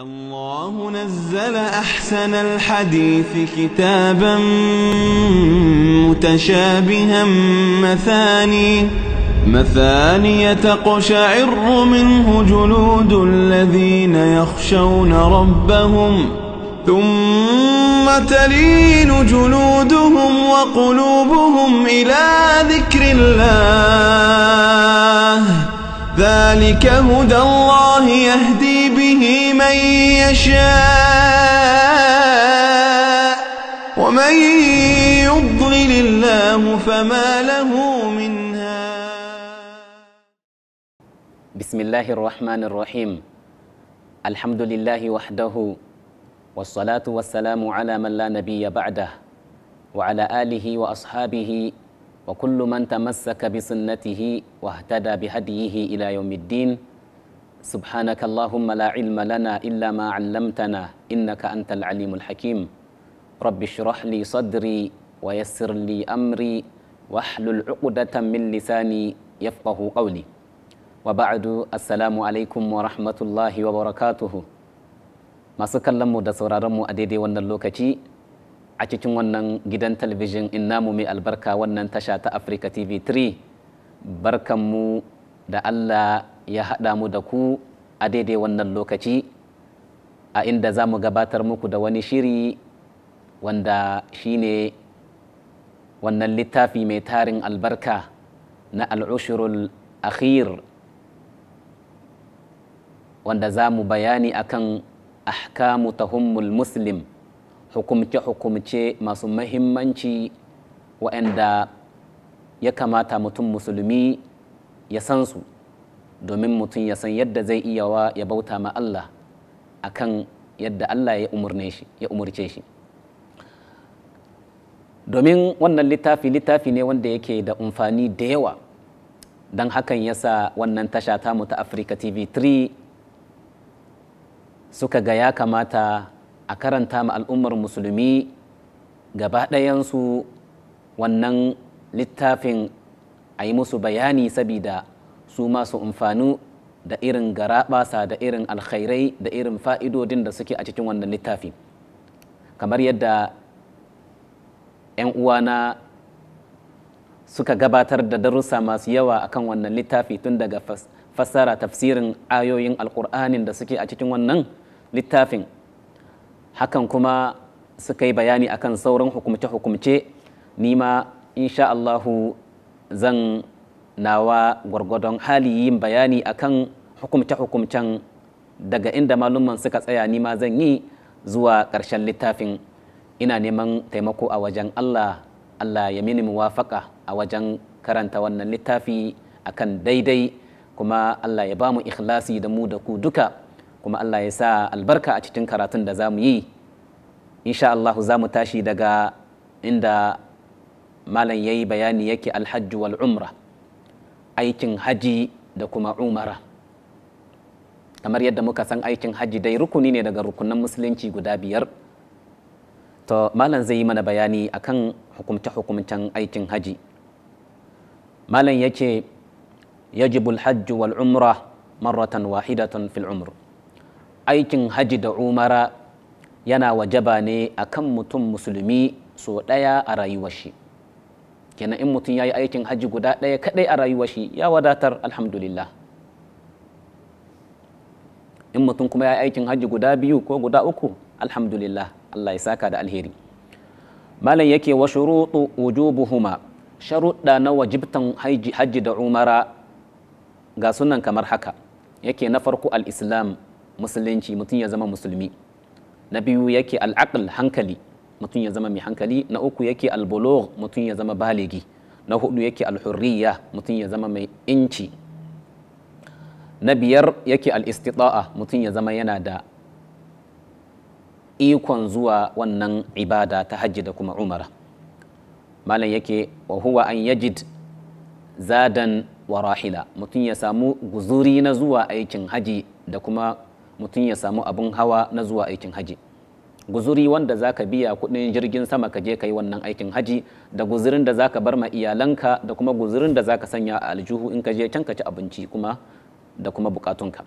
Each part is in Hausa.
الله نزل أحسن الحديث كتابا متشابها مثاني مثاني تقشعر منه جلود الذين يخشون ربهم ثم تلين جلودهم وقلوبهم إلى ذكر الله ذلك هدى الله يهدي به من يشاء ومن يضلل الله فما له من هاد بسم الله الرحمن الرحيم الحمد لله وحده والصلاة والسلام على من لا نبي بعده وعلى آله وأصحابه وكل من تمسك بسنته واهتدى بهديه إلى يوم الدين سبحانك اللهم لا علم لنا إلا ما علمتنا إنك أنت العليم الحكيم رب اشرح لي صدري ويسر لي أمري واحلل عقدة من لساني يفقه قولي وبعد السلام عليكم ورحمة الله وبركاته ما kallon mu da sauraron mu a daidai wannan lokaci a cikin wannan gidan talabijin in namu mai albarka wannan tasha ta Africa da Allah ya haɗa mu da ku a daidai wannan lokaci a inda za mu gabatar muku da wani shiri wanda shine wannan littafi mai tarin albarka na al'ushirul akhir wanda za mu bayani akan ahkamu tahummul muslim hukumce-hukumce masu mahimmanci waɗanda ya kamata mutum musulmi ya san su domin mutum ya san yadda zai iya wa ya bauta ma Allah a kan yadda Allah ya umurce shi domin wannan littafi littafi ne wanda yake da umfani da yawa don hakan ya sa wannan tasha ta ta Africa TV 3 suka ga ya kamata a karanta ma al'ummar musulmi gaba dayansu wannan littafin a yi musu bayani sabida su masu amfanu da irin garaɓasa da irin alkhairai da irin fa'idodin da suke a cikin wannan littafi kamar yadda 'yan uwana suka gabatar da darussa masu yawa akan wannan littafi tun daga fassara tafsirin ayoyin alkur'anin da suke a cikin wannan littafin hakan kuma suka yi bayani akan sauran hukumce-hukumce nima insha Allahu zan nawa gwargwadon hali yin bayani akan hukumce-hukumcen daga inda malumman suka tsaya nima zan yi zuwa ƙarshen littafin ina neman taimako a wajen Allah Allah ya mini muwafaka a wajen karanta wannan littafi akan daidai kuma Allah ya ba mu ikhlasi da mu da ku duka kuma Allah ya sa albarka a cikin karatun da za mu yi insha Allah za mu tashi daga inda malam ya yi bayani yake alhajju wal umrah. aikin haji da kuma umara kamar yadda muka san aikin haji dai rukuni ne daga rukunan musulunci guda biyar to malam zai yi mana bayani akan hukumce-hukumcen aikin haji malam ya ce yajibu alhajju wal umra marratan wahidatan fil umr aikin haji da umara yana wajaba ne akan mutum musulmi so ɗaya a rayuwar shi kenan in mutum ya yi aikin hajji guda ɗaya kaɗai a rayuwa shi ya wadatar alhamdulillah in mutum kuma ya yi aikin hajji guda biyu ko guda uku alhamdulillah Allah ya saka da alheri malam yake wa shuruɗu buhuma sharuɗa na wajibtan hajji da umara ga sunan kamar haka yake na farko al-islam musulunci mutum ya zama musulmi na biyu yake al hankali mutum ya zama mai hankali na uku yake albolog mutum ya zama baligi na hudu yake alhurriya mutum ya zama mai inci na biyar yake al'istita'a mutum ya zama yana da ikon zuwa wannan ibada ta hajji da kuma umara malam yake wa huwa an yajid zadan wa rahila mutum ya samu guzuri na zuwa aikin haji da kuma mutum ya samu abin hawa na zuwa aikin haji guzuri wanda zaka biya kuɗin jirgin sama ka je ka yi wannan aikin haji da guzurin da zaka bar ma iyalanka da kuma guzurin da zaka sanya a aljuhu in ka je can ka ci abinci kuma da kuma bukatunka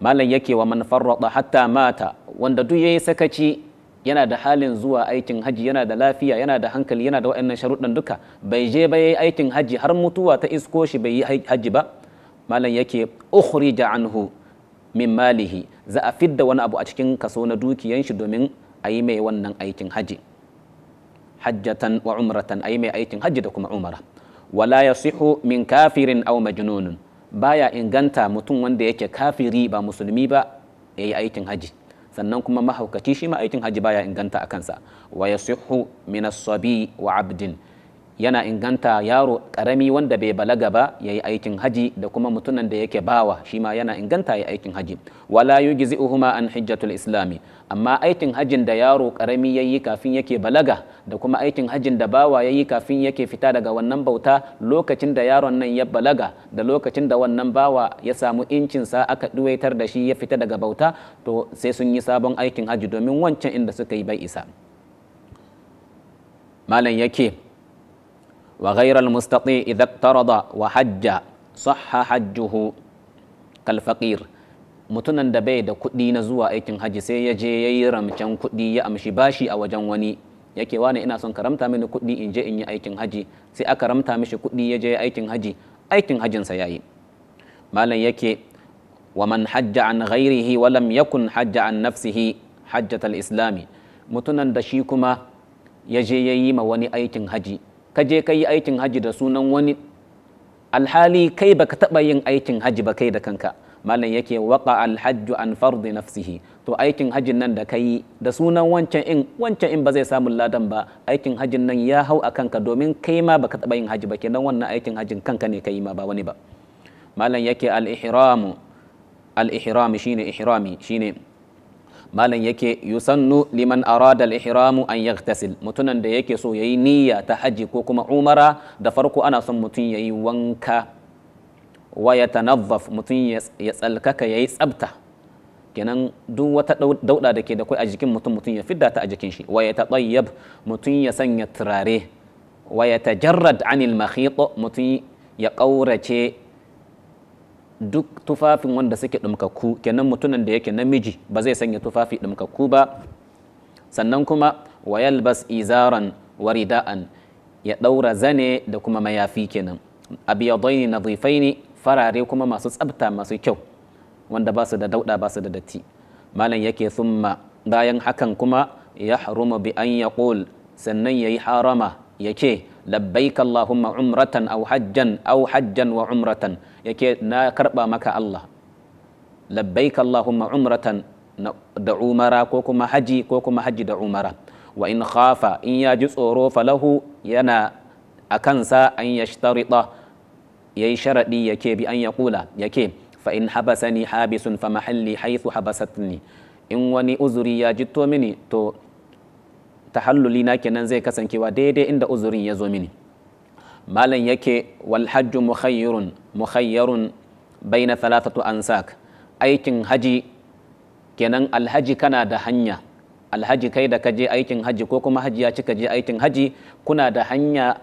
malam yake wa man farrada hatta mata wanda duk yayi sakaci yana da halin zuwa aikin haji yana da lafiya yana da hankali yana da waɗannan sharuɗan duka bai je ba yayi aikin haji har mutuwa ta isko shi bai yi haji ba malam yake ukhrija anhu min malihi za a fidda wani abu a cikin kaso na dukiyan shi domin a yi mai wannan aikin haji hajjatan wa umratan a yi mai aikin haji da kuma umara wala ya yasihu min kafirin aw majnunun baya inganta mutum wanda yake kafiri ba musulmi ba ya yi aikin haji sannan kuma mahaukaci shi ma aikin haji baya inganta a kansa wa yasihu min as wa abdin yana inganta yaro karami wanda bai balaga ba ya yi aikin haji da kuma mutunan da yake bawa shi ma yana inganta ya aikin haji wala gizi uhuma an hijjatul islami amma aikin hajin da yaro karami ya yi kafin yake balaga da kuma aikin hajin da bawa ya yi kafin yake fita daga wannan bauta lokacin da yaron nan ya balaga da lokacin da wannan bawa ya samu incinsa aka duwaitar da shi ya fita daga bauta to sai sun yi sabon aikin haji domin wancan inda suka yi bai isa malam yake وغير المستطيع إذا اقترض وحج صح حجه كالفقير mutunan da bai da kuɗi na zuwa aikin haji sai ya je ya yi ramcen kuɗi ya amshi bashi a wajen wani yake wani ina son karamta mini kuɗi in je in yi aikin haji sai aka ramta mishi kuɗi ya je aikin haji aikin hajinsa ya yi malam yake wa man hajja an ghairihi wa lam yakun hajja an nafsihi hajjatal islami mutunan da shi kuma ya je ya yi ma wani aikin haji ka je ka yi aikin haji da sunan wani alhali kai baka taba yin aikin haji ba kai da kanka malam yake waka alhajju an fardi nafsihi to aikin hajin nan da kai da sunan wancan in wancan in ba zai samu ladan ba aikin hajin nan ya hau a kanka domin kai ma baka taba yin haji ba kenan wannan aikin hajin kanka ne kai ma ba wani ba malam yake al-ihramu al-ihram shine ihrami shine malam yake yusannu liman arada al-ihramu an yaghtasil mutunan da yake so yayi niyya ta haji ko kuma umara da farko ana son mutun yayi wanka wa yatanazzaf mutun ya tsalkaka yayi tsabta kenan duk wata dauda da ke da kai a jikin mutum mutum ya fidda ta a jikin shi wa yatatayyab mutum ya sanya turare wa yatajarrad anil makhit mutum ya kaurace duk tufafin wanda suke ɗumkakku kenan mutumin da yake namiji ba zai sanya tufafi ɗumkakku ba sannan kuma wa yalbas izaran wa rida'an ya ɗaura zane da kuma mayafi kenan abiyadaini ne farare kuma masu tsabta masu kyau wanda ba su da dauɗa ba su da datti malam yake thumma bayan hakan kuma ya haruma bi an yaqul sannan yayi harama yake labbaik allahumma umratan aw hajjan aw hajjan wa umratan yake na karba maka Allah labbaik allahumma umratan da umara ko kuma haji ko kuma haji da umara wa in khafa in ya ji tsoro falahu yana a kansa an yashtarita yayi sharaɗi yake bi an yaqula yake fa in habasani habisun fa mahalli haythu habasatni in wani uzuri ya jitto mini to tahalluli na kenan zai kasancewa daidai inda uzurin ya zo mini malam yake wal hajju bai na baina ansak aikin haji kenan alhaji kana da hanya alhaji kai da kaje aikin haji ko kuma haji ya kaje aikin haji kuna da hanya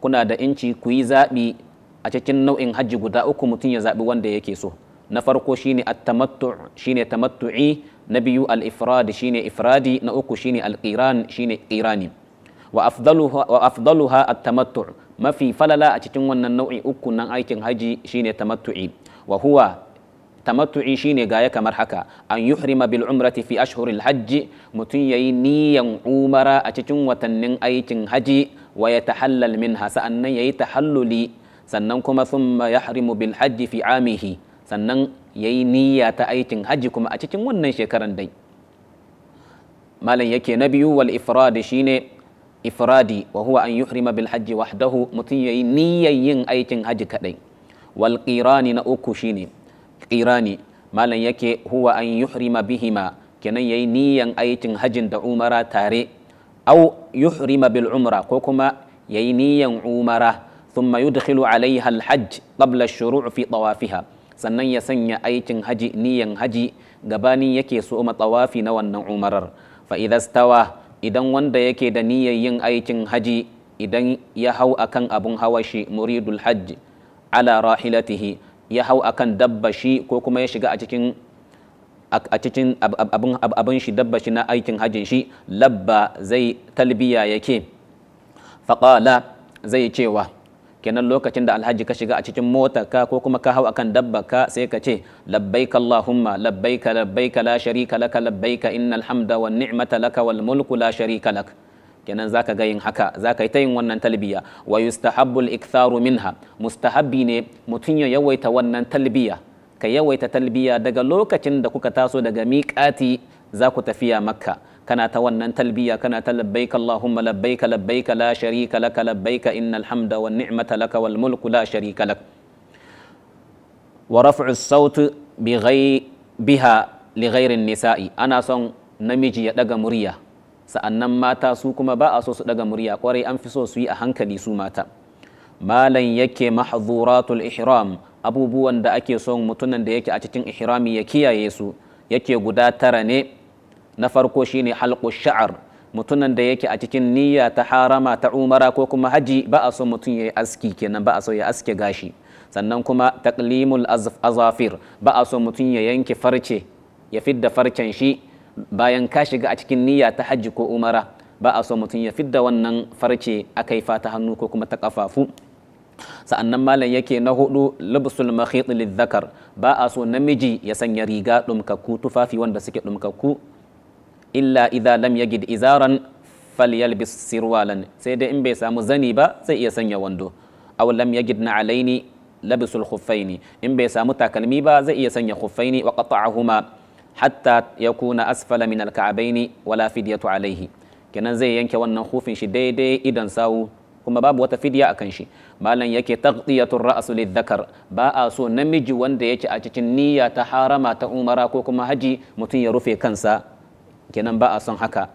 kuna da inci ku yi zaɓi a cikin nau'in haji guda uku mutum ya zaɓi wanda yake so na farko shine at-tamattu shine tamattu'i na biyu al-ifrad shine ifradi na uku shine al-qiran shine qirani wa afdaluha wa at-tamattu mafi falala a cikin wannan nau'i uku nan aikin haji shine tamattu'i wa huwa tamattu'i shine gaya kamar haka an yuhrima bil umrati fi ashhuril hajji mutun yayi niyan umara a cikin watannin aikin haji wa yatahallal minha sa'annan yayi tahalluli sannan kuma thumma yahrimu bil hajji fi amihi sannan ya yi niyya ta aikin hajji kuma a cikin wannan shekaran dai malam yake na biyu wal ifradi shine ifradi wa huwa an yuhrima bil hajji wahdahu mutum ya yi niyyar yin aikin hajji kadai wal qirani na uku shine qirani malam yake huwa an yuhrima bihima kenan yayi niyyan aikin hajjin da umara tare au yuhrima bil umra ko kuma yayi niyyan umara thumma yudkhilu alaiha al hajj qabla ash-shuru' fi tawafiha sannan ya sanya aikin haji niyan haji gabanin yake so matsawafi na wannan umarar fa idan wanda yake da niyyar yin aikin haji idan ya hau akan abun hawa shi muridul hajj ala rahilatihi ya hau akan dabba shi ko kuma ya shiga a cikin a cikin abin shi dabba shi na aikin hajjin shi labba zai talbiya yake faƙala zai cewa kenan lokacin da alhaji ka shiga a cikin mota ka ko kuma ka hau akan dabba ka sai ka ce labbaika allahumma labbaika labbaika la sharika laka labbaika innal hamda wan ni'mata laka wal mulku la sharika lak kenan zaka ga yin haka zaka yi ta yin wannan talbiya wa yustahabbu al iktharu minha mustahabbi ne mutun ya yawaita wannan talbiya ka yawaita talbiya daga lokacin da kuka taso daga miƙati za ku tafiya makka kana ta wannan talbiya kana ta labbaika Allahumma labbaika labbaika la sharika laka labbaika innal hamda wan ni'mata laka wal mulku la sharika lak wa raf'u as-saut bi biha li nisa'i ana son namiji ya daga murya sa'annan mata su kuma ba a so su daga murya kwarai an fi so su yi a hankali su mata malan yake mahzuratul ihram abubuwan da ake son mutumin da yake a cikin ihrami ya kiyaye su yake guda tara ne na farko shine halqu sha'ar mutunan da yake a cikin niyya ta harama ta umara ko kuma haji ba a so mutum ya yi aski kenan ba a so ya aske gashi sannan kuma taqlimul azafir ba a so mutum ya yanke farce ya fidda farcen shi bayan ka shiga a cikin niyya ta haji ko umara ba a so mutum ya fidda wannan farce aka yi fata hannu ko kuma ta kafafu sa'annan malam yake na hudu libsul makhit lizzakar ba a so namiji ya sanya riga dumkakku tufafi wanda suke dumkakku illa idza lam yajid izaran falyalbis sirwalan sai dai in bai samu zani ba zai iya sanya wando aw lam yajid na alaini labisul khuffaini in bai samu takalmi ba zai iya sanya khuffaini wa qata'ahuma hatta yakuna asfala min alka'baini wala fidyatu alaihi kenan zai yanke wannan khufin shi daidai idan sawu kuma babu wata fidya akan shi malam yake taghdiyatur ra'su lidhakar ba a so namiji wanda yake a cikin niyya ta harama ta umara ko kuma haji mutum ya rufe kansa kenan ba a son haka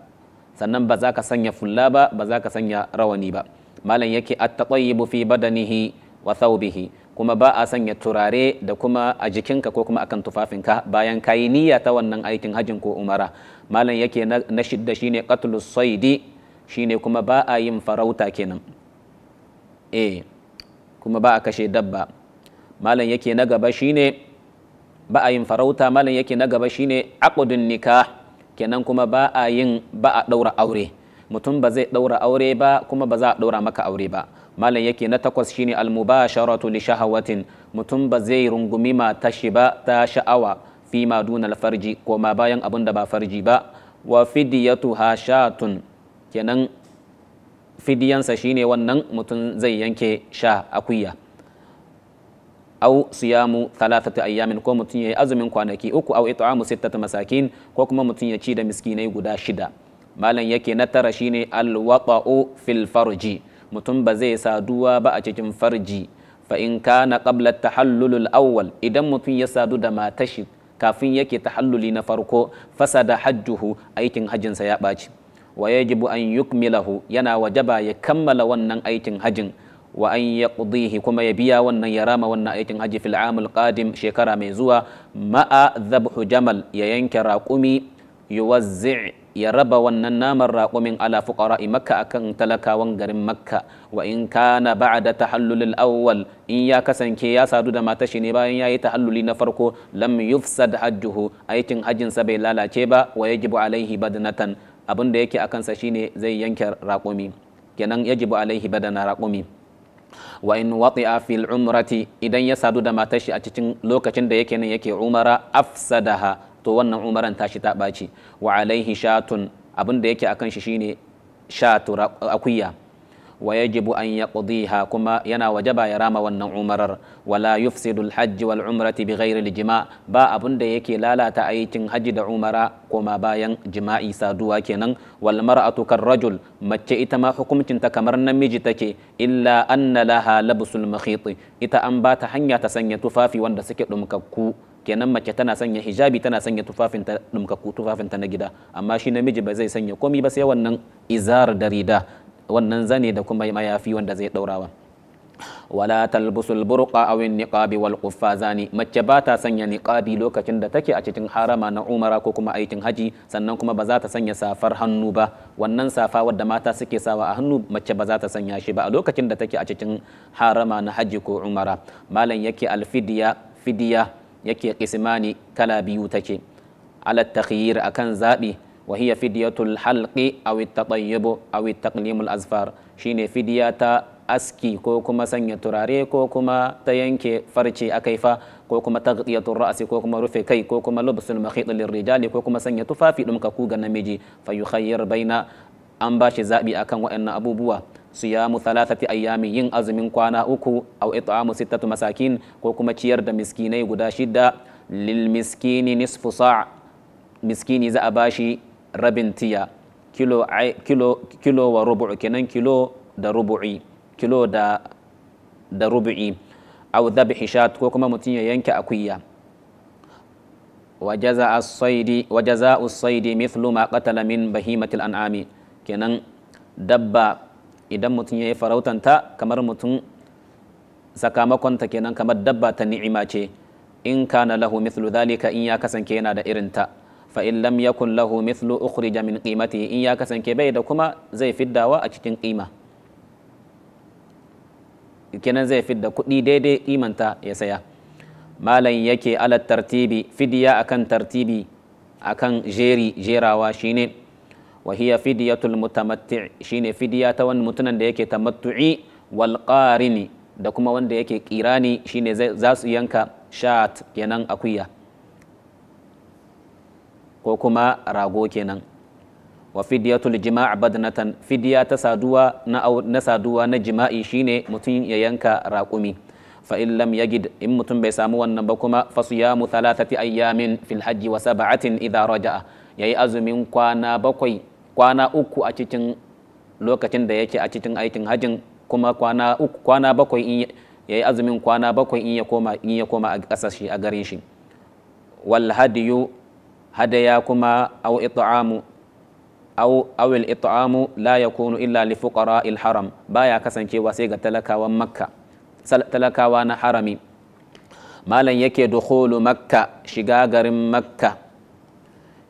sannan ba za ka sanya fulla ba ba za ka sanya rawani ba malam yake at fi badanihi wa thawbihi kuma ba a sanya turare da kuma a jikinka ko kuma akan tufafinka bayan kayi niyya ta wannan aikin hajin ko umara malam yake na shidda shine qatlus saidi shine kuma ba a yin farauta kenan eh kuma ba a kashe dabba malam yake na gaba shine ba a yin farauta malam yake na gaba shine aqdun nikah kenan kuma ba a yin ba a ɗaura aure mutum ba zai ɗaura aure ba kuma ba za a ɗaura maka aure ba malam yake na takwas shine almubasharatu li shahawatin mutum ba zai rungumi mata shi ba ta sha'awa fi ma dunal farji ko ma bayan abin da ba farji ba wa fidiyatu hashatun kenan fidiyansa shine wannan mutum zai yanke sha akuya au siyamu ta ayyamin ko mutum ya yi azumin kwanaki uku au it'amu sittata masakin ko kuma mutum ya ci da miskinai guda shida malam yake na tara shine alwata'u fil farji mutum ba zai saduwa ba a cikin farji fa in kana qabla tahallulul awwal idan mutum ya sadu da matashi kafin yake tahalluli na farko fasa da hajjuhu aikin hajjinsa ya ɓaci wa yajibu an yukmilahu yana wajaba ya kammala wannan aikin hajjin wa an yaqdihi kuma ya biya wannan ya rama wannan aikin hajji fil amul qadim shekara mai zuwa ma'a dhabhu jamal ya yanke raƙumi yuwazzi' ya raba wannan naman raƙumin ala fuqara'i makka akan talakawan garin makka wa in kana ba'da tahallulil awwal in ya kasance ya sadu da mata shi ne bayan yayi tahalluli na farko lam yufsad hajjuhu aikin hajjin sa bai lalace ba wa yajibu alaihi badnatan abin da yake akansa shine zai yanke raƙumi kenan yajibu alaihi badana raƙumi wa in wati'a fil umrati idan ya sadu da matar shi a cikin lokacin da yake nan yake umara afsadaha to wannan umaran shi ta ɓaci wa alaihi shatun abin da yake akan shi shine shatu akuya wa yajibu an yaqdiha kuma yana wajaba ya rama wannan umarar wala yufsidu alhajj wal umrati bighairi aljima ba abun da yake lalata aikin hajji da umara kuma bayan jima'i saduwa kenan wal mar'atu karrajul mace ita ma hukuncin kamar namiji take illa anna laha labsul makhiti ita an ba ta hanya ta sanya tufafi wanda suke dumkakku kenan mace tana sanya hijabi tana sanya tufafin ta dumkakku tufafin na gida amma shi namiji ba zai sanya komai ba sai wannan izar darida. wannan zane da kuma mayafi wanda zai daurawa wala talbusul burqa aw niqabi wal quffazani mace ba ta sanya niqabi lokacin da take a cikin harama na umara ko kuma aikin haji sannan kuma ba za ta sanya safar hannu ba wannan safa wadda mata suke sawa a hannu mace ba za ta sanya shi ba a lokacin da take a cikin harama na haji ko umara malam yake alfidiya fidiya yake kismani kala biyu take ala takhyir akan zabi wa hiya fidyatul halqi aw at-tatayyub aw at-taqlimul azfar shine fidya ta aski ko kuma sanya turare ko kuma ta yanke farce akai fa ko kuma taghtiyatul ra'si ko kuma rufe kai ko kuma lubsul makhit lirrijali ko kuma sanya tufafi dumkaku ga namiji fa yukhayyar baina an bashi zaɓi akan waɗannan abubuwa siyamu thalathati ayyami yin azumin kwana uku aw it'amu sittatu masakin ko kuma ciyar da miskinai guda shida lil miskini nisfu sa' a bashi rabin tiya kilo, kilo wa rubu'i kenan kilo da rubu'i kilo da da rubu'i shat ko kuma mutum ya yanke akuya wa jaza'u as-saydi mithlu ma qatala min bahimatil an'ami kenan dabba idan mutum ya yayi farautanta kamar mutum sakamakonta kenan kamar dabba ta ni'ima ce in kana lahu mithlu dhalika in ya kasance yana da irinta ta fa in lam yakun lahu mithlu ukhrija min qimati in ya kasance bai da kuma zai fiddawa a cikin kenan zai fidda kuɗi daidai kimanta ya saya malam yake ala tartibi fidiya akan tartibi akan jeri jerawa shine wa hiya fidiyatul mutamatti shine fidiya ta wani mutunan da yake tamattu'i wal qarini da kuma wanda yake kirani shine za su yanka shat kenan akuya ko kuma rago kenan wa fidyatul jima'a badnatan fidya ta saduwa na saduwa na jima'i shine mutum ya yanka raƙumi fa in lam yajid in mutum bai samu wannan ba kuma fa siyamu thalathati ayyamin fil hajj wa sab'atin idha raja'a yayi azumin kwana bakwai kwana uku a cikin lokacin da yake a cikin aikin hajjin kuma kwana uku kwana bakwai in yayi azumin kwana bakwai in ya koma in ya koma a kasashe a garin shi wal hadiyu hadaya kuma aw it'amu aw awil it'amu la yakunu illa li fuqara'il haram baya kasancewa sai ga talakawan makka talakawa na harami malam yake dukhulu makka shiga garin makka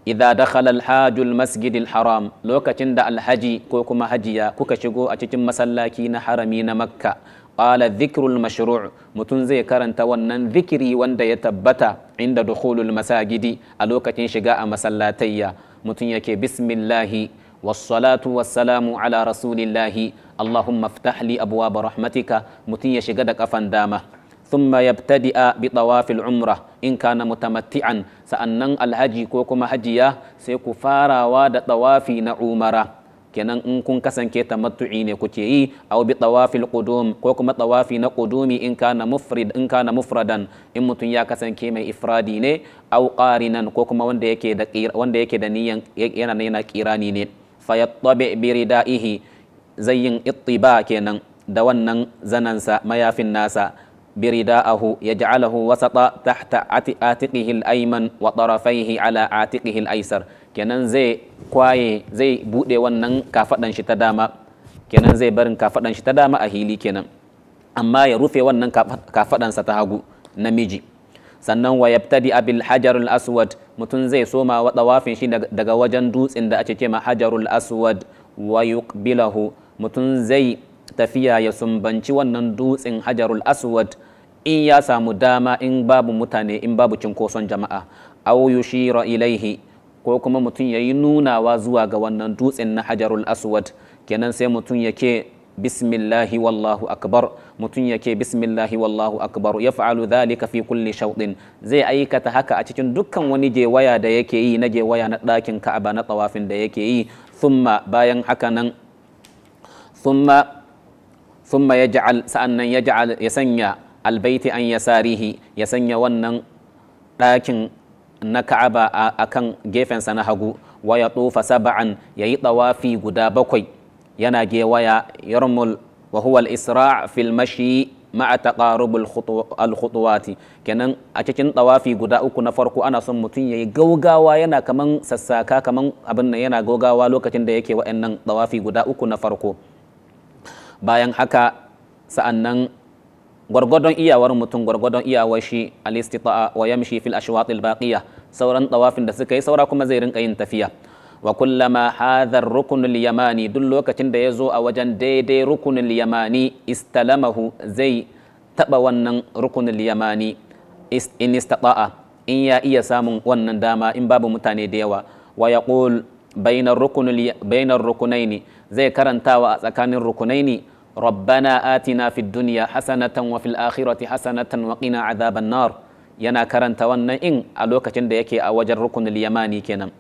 idza dakhala alhaju almasjid haram lokacin da alhaji ko kuma hajiya kuka shigo a cikin masallaci na harami na makka qala dhikrul mashru' mutum zai karanta wannan zikiri wanda ya tabbata inda dukhulul masagidi a lokacin shiga a masallatayya mutum yake bismillahi والصلاة والسلام على رسول الله اللهم افتح لي أبواب رحمتك متي يشغد كفن دامة ثم يبتدئ بطواف العمرة إن كان متمتعا سأنن الهجي كوكما هجيا سيكفارا واد طوافي نعومرا kenan in kun kasance tamattu'i ne kuke yi aw bi tawafil qudum ko kuma tawafi na qudumi in kana mufrid in kana mufradan in mutun ya kasance mai ifradi ne aw qarinan ko kuma wanda yake da wanda yake da niyan yana yana kirani ne fayattabi bi ridaihi zayyin ittiba kenan da wannan zanansa mayafin nasa برداءه يجعله وسط تحت عاتقه الأيمن وطرفيه على عاتقه الأيسر kenan zai kwaye zai bude wannan kafaɗan shi ta dama kenan zai barin kafaɗan shi ta dama a hili kenan amma ya rufe wannan sa ta hagu namiji sannan wa yabtadi abil hajarul aswad mutum zai soma wa dawafin shi daga wajen dutsen da ake cema hajarul aswad wa yuqbilahu mutum zai tafiya ya sumbanci wannan dutsen hajarul aswad in ya samu dama in babu mutane in babu cinkoson jama'a au yushira ilaihi ko kuma mutum ya yi nunawa zuwa ga wannan dutsen na hajarul aswad kenan sai mutum yake bismillahi wallahu akbar mutum yake bismillahi wallahu akbar ya fa'alu dhalika fi kulli shawdin zai aikata haka a cikin dukkan wani gewaya da yake yi na gewaya na ɗakin ka'aba na tsawafin da yake yi thumma bayan haka nan thumma thumma yaj'al sa'annan yaj'al ya sanya albaiti an yasarihi ya sanya wannan ɗakin na ka'aba a akan gefensa na hagu waya ya tsofa saba'an ya yi tsawafi guda bakwai yana gewaya yarmul wa huwa al-isra' fil mashi ma'a taqarubul al-khutuwati kenan a cikin tsawafi guda uku na farko ana son mutum yayi gaugawa yana kaman sassaka kaman abin nan yana gaugawa lokacin da yake wa'annan tsawafi guda uku na farko bayan haka sa'annan gwargwadon iyawar mutum gwargwadon iyawar shi alistita'a wa yamshi fil ashwat al baqiya sauran tawafin da suka yi saura kuma zai rinka yin tafiya wa kullama hadha ar-rukn al-yamani duk lokacin da yazo a wajen daidai rukun al-yamani istalamahu zai taba wannan rukun al-yamani in istata'a in ya iya samun wannan dama in babu mutane da yawa wa yaqul bainar rukunaini zai karantawa a tsakanin rukunaini rabbana atina fid dunya hasanatan wa fil akhirati hasanatan wa qina yana karanta wannan in a lokacin da yake a wajen rukunin yamani kenan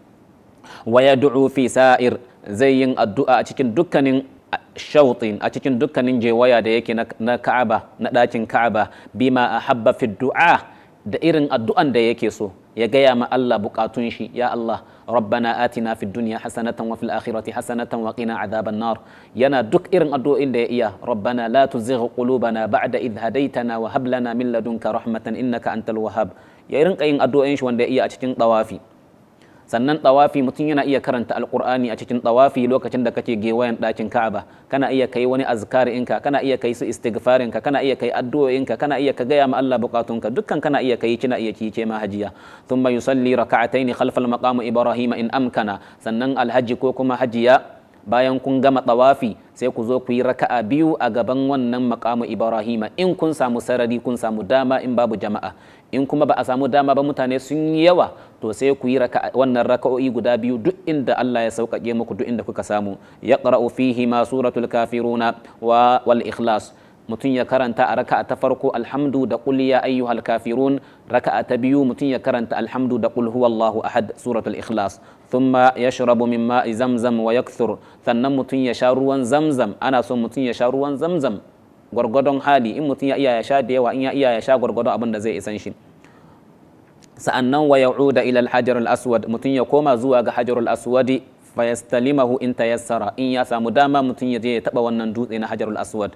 waya yad'u fi sa'ir zai yin addu'a a cikin dukkanin shautin a cikin dukkanin jewaya da yake na Ka'aba na ɗakin Ka'aba bima ahabba fi du'a da irin addu'an da yake so ya gaya ma Allah bukatun shi ya Allah rabbana atina fi dunya hasanatan wa fil akhirati hasanatan wa qina adhaban nar yana duk irin addu'o'in da ya iya rabbana la tuzigh qulubana ba'da idh hadaytana wa hab lana min ladunka rahmatan innaka antal wahhab ya rinka yin addu'o'in shi wanda ya iya a cikin tawafi sannan tawafi mutum yana iya karanta alqur'ani a cikin tawafi lokacin da kake gewayen ɗakin ka'aba kana iya kai wani azkar inka kana iya kai su istighfarin kana iya kai addu'o'inka kana iya ka gaya ma Allah bukatunka dukkan kana iya kai kina iya kike ma hajiya thumma yusalli raka'ataini khalfal maqam ibrahim in amkana sannan alhaji ko kuma hajiya bayan kun gama tawafi sai ku zo ku yi raka'a biyu a gaban wannan makamu ibrahima in kun samu sarari kun samu dama in babu jama'a in kuma ba a samu dama ba mutane sun yi yawa to sai ku yi wannan raka'o'i guda biyu duk inda Allah ya sauƙaƙe muku duk inda kuka samu ya qara'u fihi ma suratul kafiruna wa wal ikhlas mutum ya karanta a raka'a ta farko alhamdu da qul ya ayyuhal kafirun raka'a ta biyu mutum ya karanta alhamdu da qul huwallahu ahad suratul ikhlas thumma yashrabu min ma'i zamzam wa yakthur sannan mutum ya sha ruwan zamzam ana son mutum ya sha ruwan zamzam gwargwadon hali in mutum ya iya ya sha da yawa in ya iya ya sha gwargwadon abin zai isan shi sa'annan wa ya'uda ila al-hajar al-aswad mutum ya koma zuwa ga hajar al-aswadi fa yastalimahu in tayassara in ya samu dama mutum ya je ya taba wannan dutse na hajar al-aswad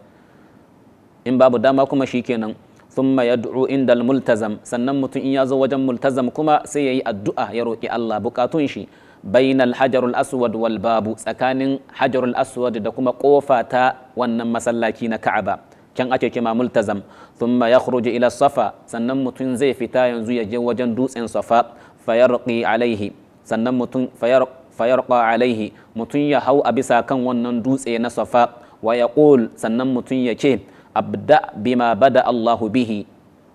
in babu dama kuma shikenan thumma yad'u inda al-multazam sannan mutum in ya zo wajen multazam kuma sai yayi addu'a ya roki Allah bukatun shi bainal hajarul aswad walbabu tsakanin hajarul aswad da kuma kofa ta wannan masallaci na ka'aba can ake kima multazam thumma yakhruju ila safa sannan mutum zai fita yanzu ya je wajen dutsen safa fayarqi alaihi sannan mutum ya hau a bisa kan wannan dutse na safa wa yaqul sannan mutum ya ce da' bima bada Allahu bihi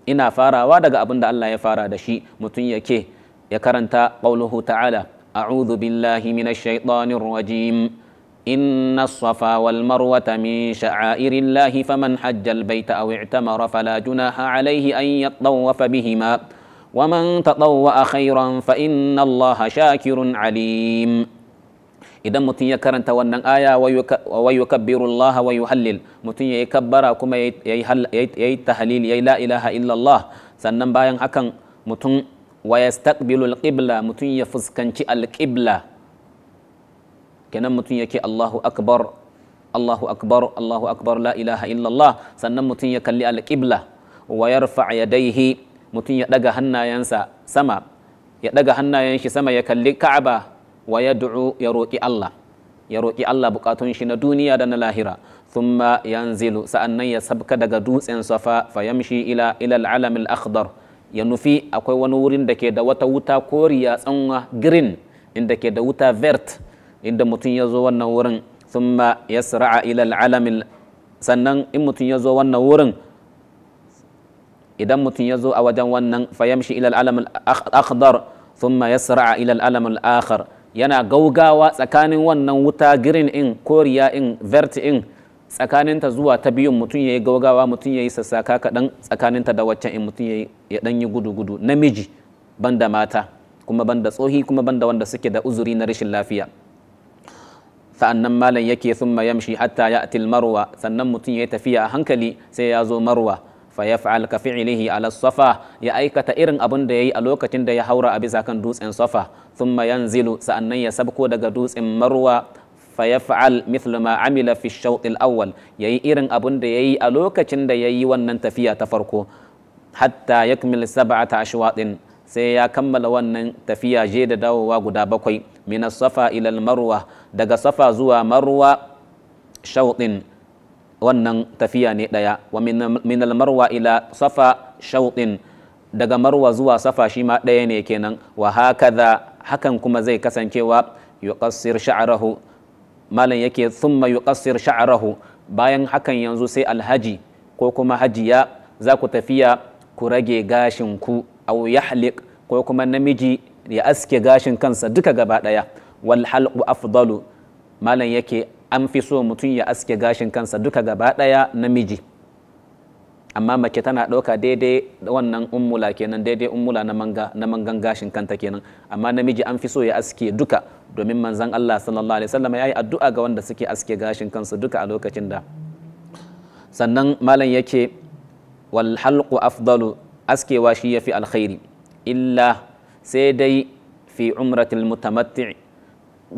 ina farawa daga abin da Allah ya fara da shi mutum ya ke ya karanta qauluhu ta'ala أعوذ بالله من الشيطان الرجيم إن الصفا والمروة من شعائر الله فمن حج البيت أو اعتمر فلا جناح عليه أن يطوف بهما ومن تطوع خيرا فإن الله شاكر عليم إذا متي يكرن تونن آية ويكبر الله ويهلل متي يكبر كما يتهليل يي إله إلا الله سنن باين أكن متن wa yastaqbilu alqibla mutum ya fuskanci al-qibla kenan mutum yake Allahu akbar Allahu akbar Allahu akbar la ilaha illallah sannan mutum ya kalli al-qibla wa yarfa yadaihi mutum ya daga hannayensa sama ya daga hannayen shi sama ya kalli Ka'aba wa yad'u ya roki Allah ya roki Allah bukatun shi na duniya da na lahira thumma yanzilu sa'annan ya sabka daga dutsen safa fayamshi ila ila al-alam al-akhdar ya nufi akwai wani wurin da ke da wata wuta koriya tsanwa green inda ke da wuta vert inda mutum ya zo wannan wurin sun ma ya sara'a ilal alamin sannan in mutum ya zo wannan wurin idan mutum ya zo a wajen wannan fayamshi ilal alamin akhdar sun ma ya sara'a ilal alamin akhar yana gaugawa tsakanin wannan wuta green in koriya in vert in tsakaninta zuwa ta biyun mutum ya yi gaugawa mutum ya yi sassaka kaɗan tsakaninta da waccan in mutum ya ɗan yi gudu-gudu namiji ban da mata kuma ban da tsohi kuma ban da wanda suke da uzuri na rashin lafiya sa'annan malam yake ma yamshi hatta ya atil marwa sannan mutum ya yi tafiya a hankali sai ya zo marwa fa yaf'al ka fi'lihi ala safa ya aikata irin abin da ya yi a lokacin da ya haura a bisa kan dutsen safa thumma yanzilu sa'annan ya sabko daga dutsen marwa fayaf'al mithlu ma amila fi shawt al-awwal yayi irin abun da yayi a lokacin da yayi wannan tafiya ta farko hatta yakmil sab'ata ashwatin sai ya kammala wannan tafiya je da dawowa guda bakwai minas safa ilal marwa daga safa zuwa marwa shauɗin wannan tafiya ne daya wa minal marwa ila safa shauɗin daga marwa zuwa safa shi ma ɗaya ne kenan wa hakaza hakan kuma zai kasancewa yuqassir sha'rahu malam yake mayu yuqassir sha'rahu bayan hakan yanzu sai alhaji ko kuma hajiya za ku tafiya ku rage gashin ku aw yahliq ko kuma namiji ya aske gashin kansa duka gaba daya wal halqu afdalu malam yake an fi so mutum ya aske gashin kansa duka gaba daya namiji amma mace tana ɗauka daidai wannan ummula kenan daidai ummula na manga na mangan gashin kanta kenan amma namiji an fi so ya aske duka domin manzon Allah sallallahu alaihi wasallam yayi addu'a ga wanda suke aske gashin kansu duka a lokacin da sannan malam yake wal halqu afdalu askewa shi yafi alkhairi illa sai dai fi umratil mutamatti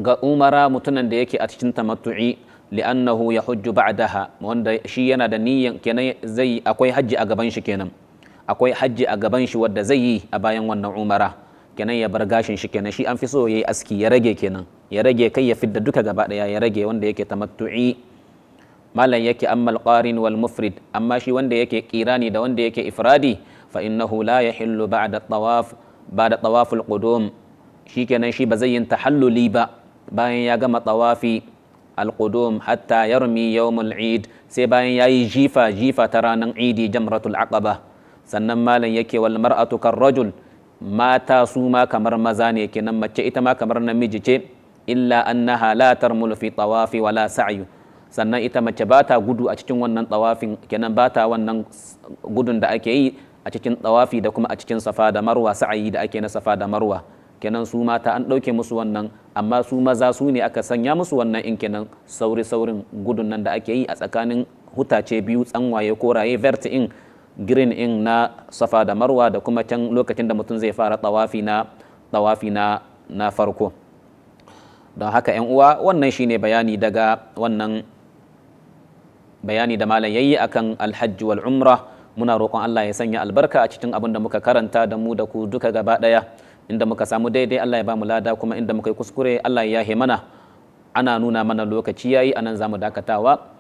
ga umara mutunan da yake a cikin tamattu'i li'annahu yahujju ba'daha wanda shi yana da niyyan kenan zai akwai hajji a gaban kenan akwai hajji a gaban shi wanda zai yi a bayan wannan umara kenan ya bar gashin shi kenan shi an fi so yayi aski ya rage kenan ya rage kai ya fidda duka gaba daya ya rage wanda yake tamattu'i malam yake ammal kwarin wal mufrid amma shi wanda yake kirani da wanda yake ifradi fa innahu la yahillu ba'da tawaf ba'da tawaful qudum shi kenan shi ba zai yin tahalluli ba bayan ya gama tawafi alqudum hatta yarmi yawmul eid sai bayan yayi jifa jifa ta ranar idi jamratul aqaba sannan malam yake wal mar'atu rajul mata su ma kamar maza ne kenan mace ita ma kamar namiji ce illa annaha la tarmulu fi tawafi wala sa'yu sannan ita mace ba ta gudu a cikin wannan tawafin kenan ba ta wannan gudun da ake yi a cikin tawafi da kuma a cikin safa da marwa sa'ayi da ake na safa da marwa kenan su mata an ɗauke musu wannan amma su maza su ne aka sanya musu wannan in kenan sauri saurin gudun nan da ake yi a tsakanin hutace biyu tsanwaye koraye vert in green in na safa da marwa da kuma can lokacin da mutum zai fara tawafi na tawafi na na farko don haka yan uwa wannan shine bayani daga wannan bayani da malam yayi akan alhajji wal umra muna roƙon Allah ya sanya albarka a cikin abin da muka karanta da mu da ku duka gaba daya. inda muka samu daidai Allah ya ba mu lada kuma inda muka yi kuskure Allah ya yahe mana ana nuna mana lokaci yayi anan zamu dakatawa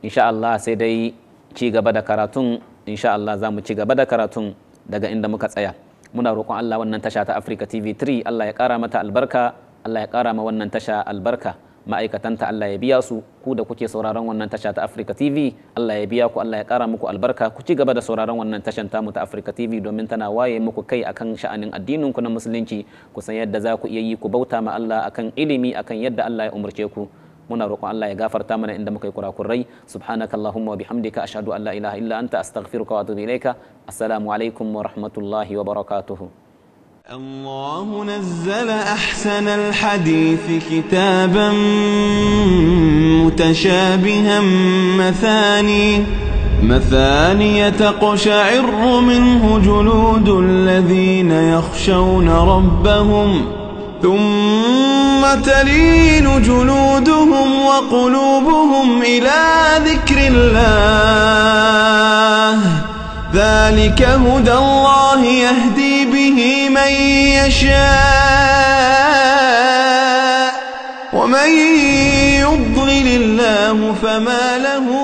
insha Allah sai dai ci gaba da karatun insha Allah zamu ci gaba da karatun daga inda muka tsaya muna roƙon Allah wannan tasha ta Africa TV 3 Allah ya kara mata albarka Allah ya kara ma wannan tasha albarka ma'aikatanta Allah ya biya su ku da kuke sauraron wannan tasha ta Africa TV Allah ya biya ku Allah ya kara muku albarka ku ci gaba da sauraron wannan tashan tamu ta Africa TV domin tana waye muku kai akan sha'anin addinin ku na musulunci ku san yadda za ku iya yi ku bauta ma Allah akan ilimi akan yadda Allah ya umarce ku muna roƙon Allah ya gafarta mana inda muka yi kurakurai subhanakallahumma wa bihamdika ashhadu an la ilaha illa anta astaghfiruka wa atubu ilaika assalamu alaikum wa rahmatullahi wa barakatuhu الله نزل أحسن الحديث كتابا متشابها مثاني مثاني تقشعر منه جلود الذين يخشون ربهم ثم تلين جلودهم وقلوبهم إلى ذكر الله ذلك هدى الله يهدي به من يشاء ومن يضلل الله فما له من